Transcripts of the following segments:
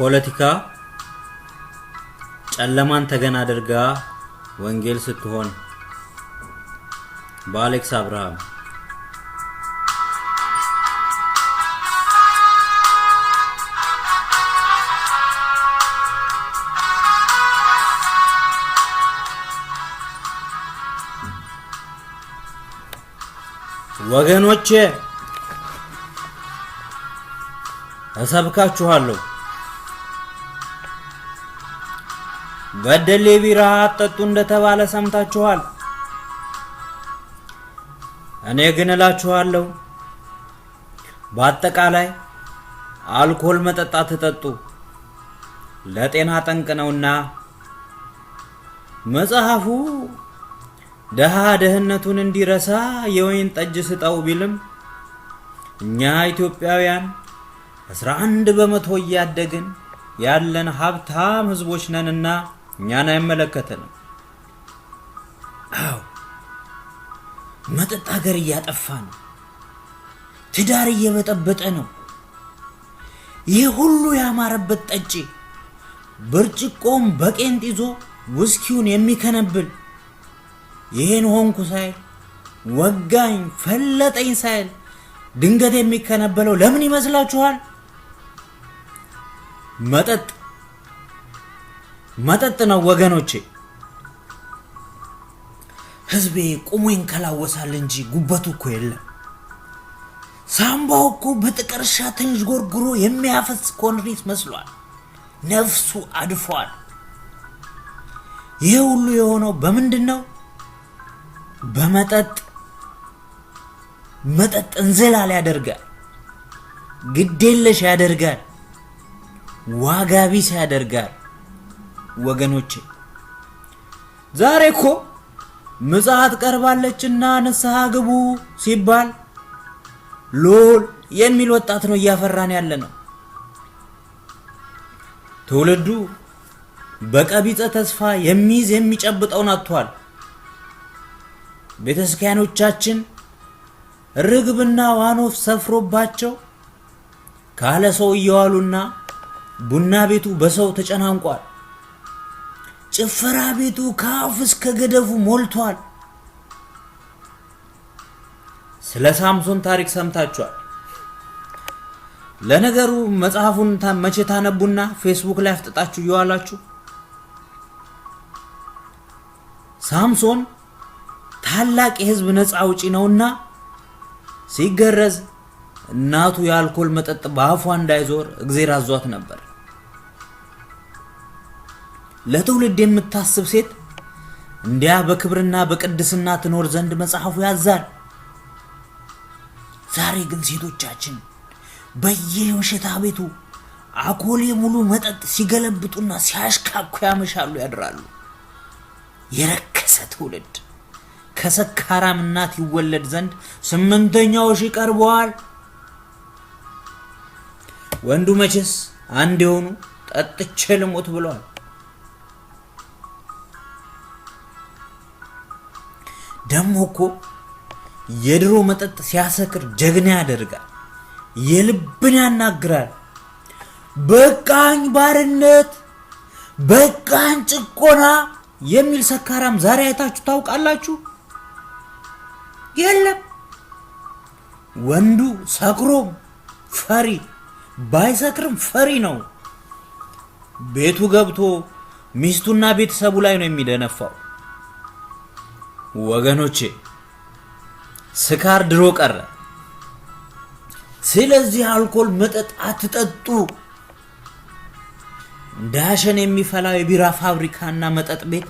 ፖለቲካ ጨለማን ተገን አድርጋ ወንጌል ስትሆን በአሌክስ አብርሃም ወገኖቼ እሰብካችኋለሁ። በደሌ ቢራ አጠጡ እንደተባለ ሰምታችኋል። እኔ ግን እላችኋለሁ በአጠቃላይ አልኮል መጠጣት ትጠጡ ለጤና ጠንቅ ነውና መጽሐፉ ደሃ ደህንነቱን እንዲረሳ የወይን ጠጅ ስጠው ቢልም እኛ ኢትዮጵያውያን አስራ አንድ በመቶ እያደግን ያለን ሀብታም ህዝቦች ነንና እኛን አይመለከተንም። አዎ መጠጥ ሀገር እያጠፋ ነው። ትዳር እየበጠበጠ ነው። ይህ ሁሉ ያማረበት ጠጪ ብርጭቆም በቄንጥ ይዞ ውስኪውን የሚከነብል ይህን ሆንኩ ሳይል ወጋኝ ፈለጠኝ ሳይል ድንገት የሚከነበለው ለምን ይመስላችኋል? መጠጥ መጠጥ ነው ወገኖቼ። ህዝቤ ቁሞ ይንከላወሳል እንጂ ጉበቱ እኮ የለም። ሳምባው እኮ በጥቀርሻ ትንሽ ጎርጉሮ የሚያፈስ ኮንሪት መስሏል። ነፍሱ አድፏል። ይህ ሁሉ የሆነው በምንድን ነው? በመጠጥ መጠጥ እንዝላል ያደርጋል፣ ግዴለሽ ያደርጋል፣ ዋጋ ቢስ ያደርጋል። ወገኖቼ ዛሬ እኮ ምጽአት ቀርባለችና ንስሐ ግቡ ሲባል ሎል የሚል ወጣት ነው እያፈራን ያለ ነው። ትውልዱ በቀቢጸ ተስፋ የሚይዝ የሚጨብጠውን አጥቷል። ቤተ ርግብና ዋኖፍ ሰፍሮባቸው ካለ ሰው እየዋሉና ቡና ቤቱ በሰው ተጨናንቋል። ጭፈራ ቤቱ ከአፍ እስከ ገደፉ ሞልቷል። ስለ ሳምሶን ታሪክ ሰምታችኋል። ለነገሩ መጽሐፉን መቼ ታነቡና ፌስቡክ ላይ አፍጥጣችሁ እየዋላችሁ ሳምሶን ታላቅ የህዝብ ነፃ አውጪ ነውና ሲገረዝ እናቱ የአልኮል መጠጥ በአፏ እንዳይዞር እግዜር አዟት ነበር። ለትውልድ የምታስብ ሴት እንዲያ በክብርና በቅድስና ትኖር ዘንድ መጽሐፉ ያዛል። ዛሬ ግን ሴቶቻችን በየውሸታ ቤቱ አኮሌ ሙሉ መጠጥ ሲገለብጡና ሲያሽካኩ ያመሻሉ፣ ያድራሉ። የረከሰ ትውልድ ከሰካራም እናት ይወለድ ዘንድ ስምንተኛው ሺ ቀርበዋል። ወንዱ መቼስ አንድ የሆኑ ጠጥቼ ልሞት ብለዋል። ደግሞ እኮ የድሮ መጠጥ ሲያሰክር ጀግና ያደርጋል፣ የልብን ያናግራል። በቃኝ ባርነት፣ በቃኝ ጭቆና የሚል ሰካራም ዛሬ አይታችሁ ታውቃላችሁ? የለም። ወንዱ ሰክሮም ፈሪ ባይሰክርም ፈሪ ነው። ቤቱ ገብቶ ሚስቱና ቤተሰቡ ላይ ነው የሚደነፋው። ወገኖቼ ስካር ድሮ ቀረ። ስለዚህ አልኮል መጠጥ አትጠጡ። ዳሸን የሚፈላው የቢራ ፋብሪካና መጠጥ ቤት፣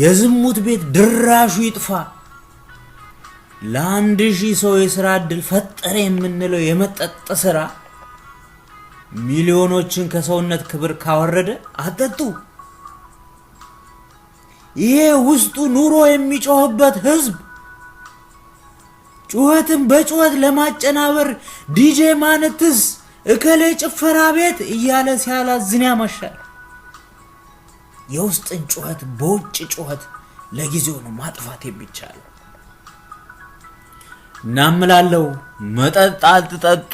የዝሙት ቤት ድራሹ ይጥፋ። ለአንድ ሺህ ሰው የስራ እድል ፈጠረ የምንለው የመጠጥ ስራ ሚሊዮኖችን ከሰውነት ክብር ካወረደ አትጠጡ። ይሄ ውስጡ ኑሮ የሚጮህበት ህዝብ ጩኸትን በጩኸት ለማጨናበር ዲጄ ማንትስ እከሌ ጭፈራ ቤት እያለ ሲያላዝን ያመሻል። የውስጥን ጩኸት በውጭ ጩኸት ለጊዜው ነው ማጥፋት የሚቻለው። እናምላለው መጠጥ አትጠጡ፣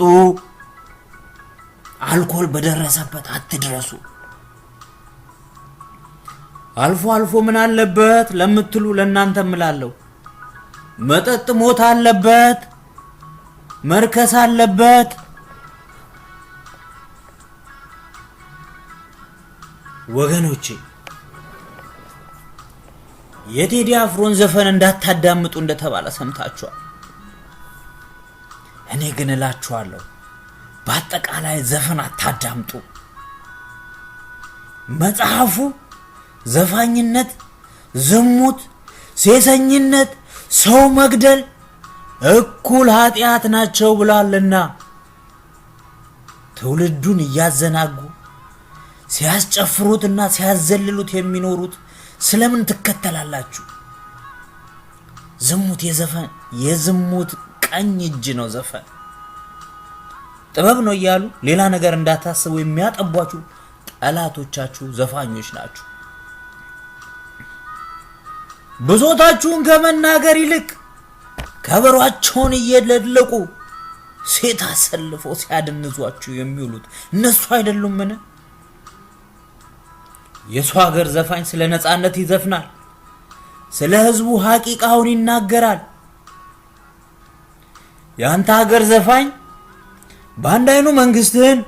አልኮል በደረሰበት አትድረሱ። አልፎ አልፎ ምን አለበት ለምትሉ ለእናንተ እምላለሁ መጠጥ ሞት አለበት፣ መርከስ አለበት። ወገኖቼ የቴዲ አፍሮን ዘፈን እንዳታዳምጡ እንደተባለ ሰምታችኋል። እኔ ግን እላችኋለሁ በአጠቃላይ ዘፈን አታዳምጡ። መጽሐፉ ዘፋኝነት፣ ዝሙት፣ ሴሰኝነት፣ ሰው መግደል እኩል ኃጢአት ናቸው ብሏልና ትውልዱን እያዘናጉ ሲያስጨፍሩትና ሲያዘልሉት የሚኖሩት ስለምን ትከተላላችሁ? ዝሙት የዘፈን የዝሙት ቀኝ እጅ ነው። ዘፈን ጥበብ ነው እያሉ ሌላ ነገር እንዳታስቡ የሚያጠቧችሁ ጠላቶቻችሁ ዘፋኞች ናችሁ። ብሶታችሁን ከመናገር ይልቅ ከበሯቸውን እየለለቁ ሴት አሰልፈው ሲያደንዟችሁ የሚውሉት እነሱ አይደሉም ምን የሰው ሀገር ዘፋኝ ስለ ነፃነት ይዘፍናል፣ ስለ ህዝቡ ሀቂቃውን ይናገራል። የአንተ ሀገር ዘፋኝ በአንድ አይኑ መንግስትህን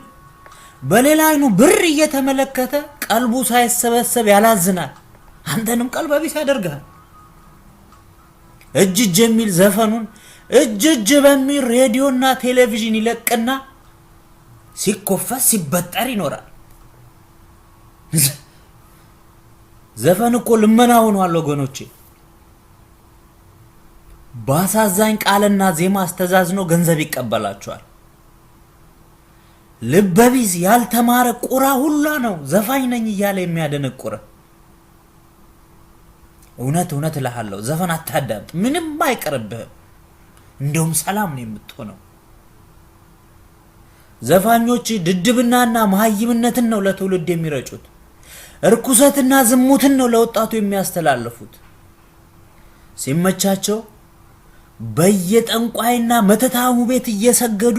በሌላ አይኑ ብር እየተመለከተ ቀልቡ ሳይሰበሰብ ያላዝናል። አንተንም ቀልበ ቢስ ያደርግሃል። እጅ እጅ የሚል ዘፈኑን እጅ እጅ በሚል ሬዲዮና ቴሌቪዥን ይለቅና ሲኮፈስ ሲበጠር ይኖራል። ዘፈን እኮ ልመና ሆኗል ወገኖቼ። በአሳዛኝ ቃልና ዜማ አስተዛዝኖ ገንዘብ ይቀበላቸዋል። ልበቢዝ ያልተማረ ቁራ ሁላ ነው ዘፋኝ ነኝ እያለ የሚያደነቁረ እውነት እውነት እልሃለሁ ዘፈን አታዳምጥ፣ ምንም አይቀርብህም። እንደውም ሰላም ነው የምትሆነው። ዘፋኞች ድድብናና መሀይምነትን ነው ለትውልድ የሚረጩት። እርኩሰትና ዝሙትን ነው ለወጣቱ የሚያስተላልፉት። ሲመቻቸው በየጠንቋይና መተታሙ ቤት እየሰገዱ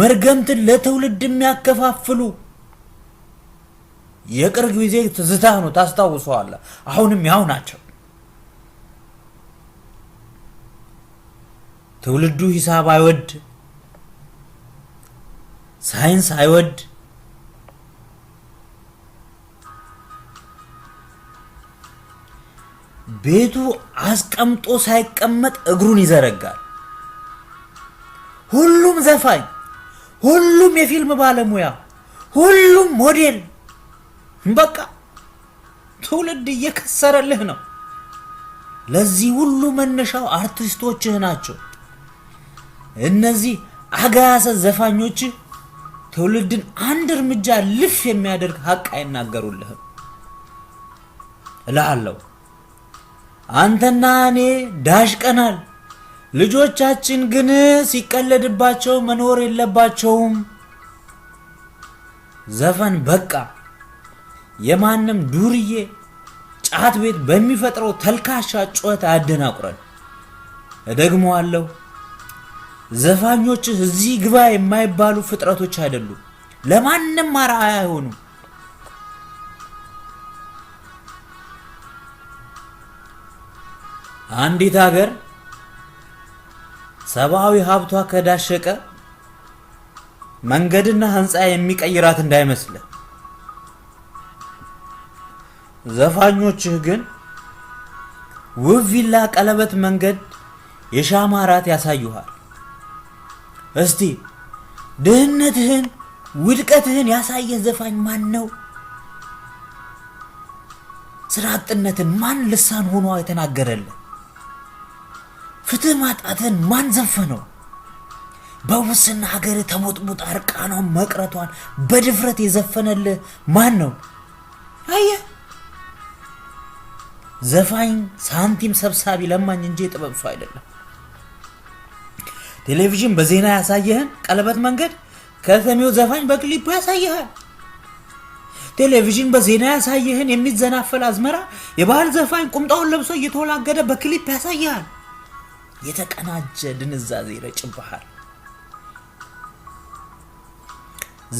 መርገምትን ለትውልድ የሚያከፋፍሉ የቅርብ ጊዜ ትዝታ ነው፣ ታስታውሰዋለህ። አሁንም ያው ናቸው። ትውልዱ ሂሳብ አይወድ፣ ሳይንስ አይወድ፣ ቤቱ አስቀምጦ ሳይቀመጥ እግሩን ይዘረጋል። ሁሉም ዘፋኝ፣ ሁሉም የፊልም ባለሙያ፣ ሁሉም ሞዴል በቃ ትውልድ እየከሰረልህ ነው። ለዚህ ሁሉ መነሻው አርቲስቶችህ ናቸው። እነዚህ አጋያሰ ዘፋኞች ትውልድን አንድ እርምጃ ልፍ የሚያደርግ ሀቅ አይናገሩልህም እልሃለሁ። አንተና እኔ ዳሽቀናል። ልጆቻችን ግን ሲቀለድባቸው መኖር የለባቸውም። ዘፈን በቃ የማንም ዱርዬ ጫት ቤት በሚፈጥረው ተልካሻ ጩኸት አያደናቁረን። ደግሞ አለው ዘፋኞች እዚህ ግባ የማይባሉ ፍጥረቶች አይደሉም። ለማንም አርአያ አይሆኑም። አንዲት ሀገር ሰብአዊ ሀብቷ ከዳሸቀ መንገድና ህንፃ የሚቀይራት እንዳይመስልህ። ዘፋኞችህ ግን ውብ ቪላ፣ ቀለበት መንገድ፣ የሻማ ራት ያሳዩሃል። እስቲ ድህነትህን ውድቀትህን ያሳየ ዘፋኝ ማን ነው? ስራ አጥነትን ማን ልሳን ሆኖ የተናገረልን? ፍትህ ማጣትን ማን ዘፈነው? በሙስና ሀገር ተሞጥሙጥ እርቃኗን መቅረቷን በድፍረት የዘፈነልህ ማን ነው? አየህ ዘፋኝ ሳንቲም ሰብሳቢ ለማኝ እንጂ የጥበብ ሰው አይደለም። ቴሌቪዥን በዜና ያሳየህን ቀለበት መንገድ ከተሜው ዘፋኝ በክሊፑ ያሳይሃል። ቴሌቪዥን በዜና ያሳየህን የሚዘናፈል አዝመራ የባህል ዘፋኝ ቁምጣውን ለብሶ እየተወላገደ በክሊፕ ያሳይሃል። የተቀናጀ ድንዛዜ ይረጭብሃል።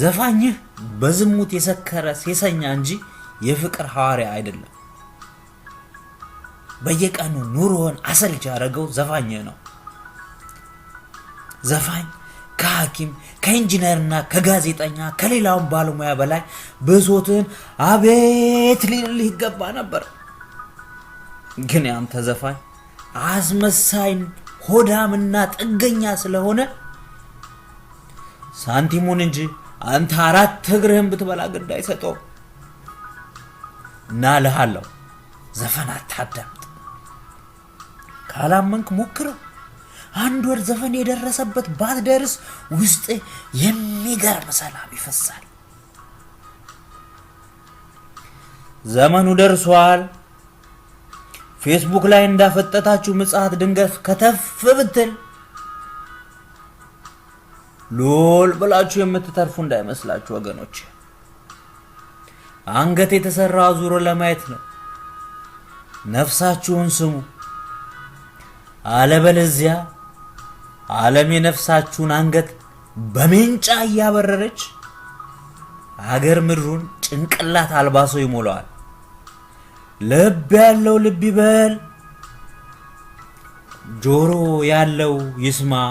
ዘፋኝህ በዝሙት የሰከረ ሴሰኛ እንጂ የፍቅር ሐዋርያ አይደለም። በየቀኑ ኑሮን አሰልች ያደረገው ዘፋኝ ነው። ዘፋኝ ከሐኪም ከኢንጂነርና ከጋዜጠኛ ከሌላውን ባለሙያ በላይ ብሶትን አቤት ሊል ይገባ ነበር። ግን ያንተ ዘፋኝ አስመሳይን ሆዳምና ጥገኛ ስለሆነ ሳንቲሙን እንጂ አንተ አራት እግርህን ብትበላ ግድ አይሰጠውም እና ልሃለሁ ዘፈን አታዳም። ካላመንክ ሞክረው። አንድ ወር ዘፈን የደረሰበት ባትደርስ ውስጥ የሚገርም ሰላም ይፈሳል። ዘመኑ ደርሷል። ፌስቡክ ላይ እንዳፈጠታችሁ ምጽሐት ድንገት ከተፍ ብትል ሎል ብላችሁ የምትተርፉ እንዳይመስላችሁ ወገኖች። አንገት የተሰራ አዙሮ ለማየት ነው። ነፍሳችሁን ስሙ። አለበለዚያ ዓለም የነፍሳችሁን አንገት በሜንጫ እያበረረች አገር ምድሩን ጭንቅላት አልባሶ ይሞላዋል። ልብ ያለው ልብ ይበል፣ ጆሮ ያለው ይስማ።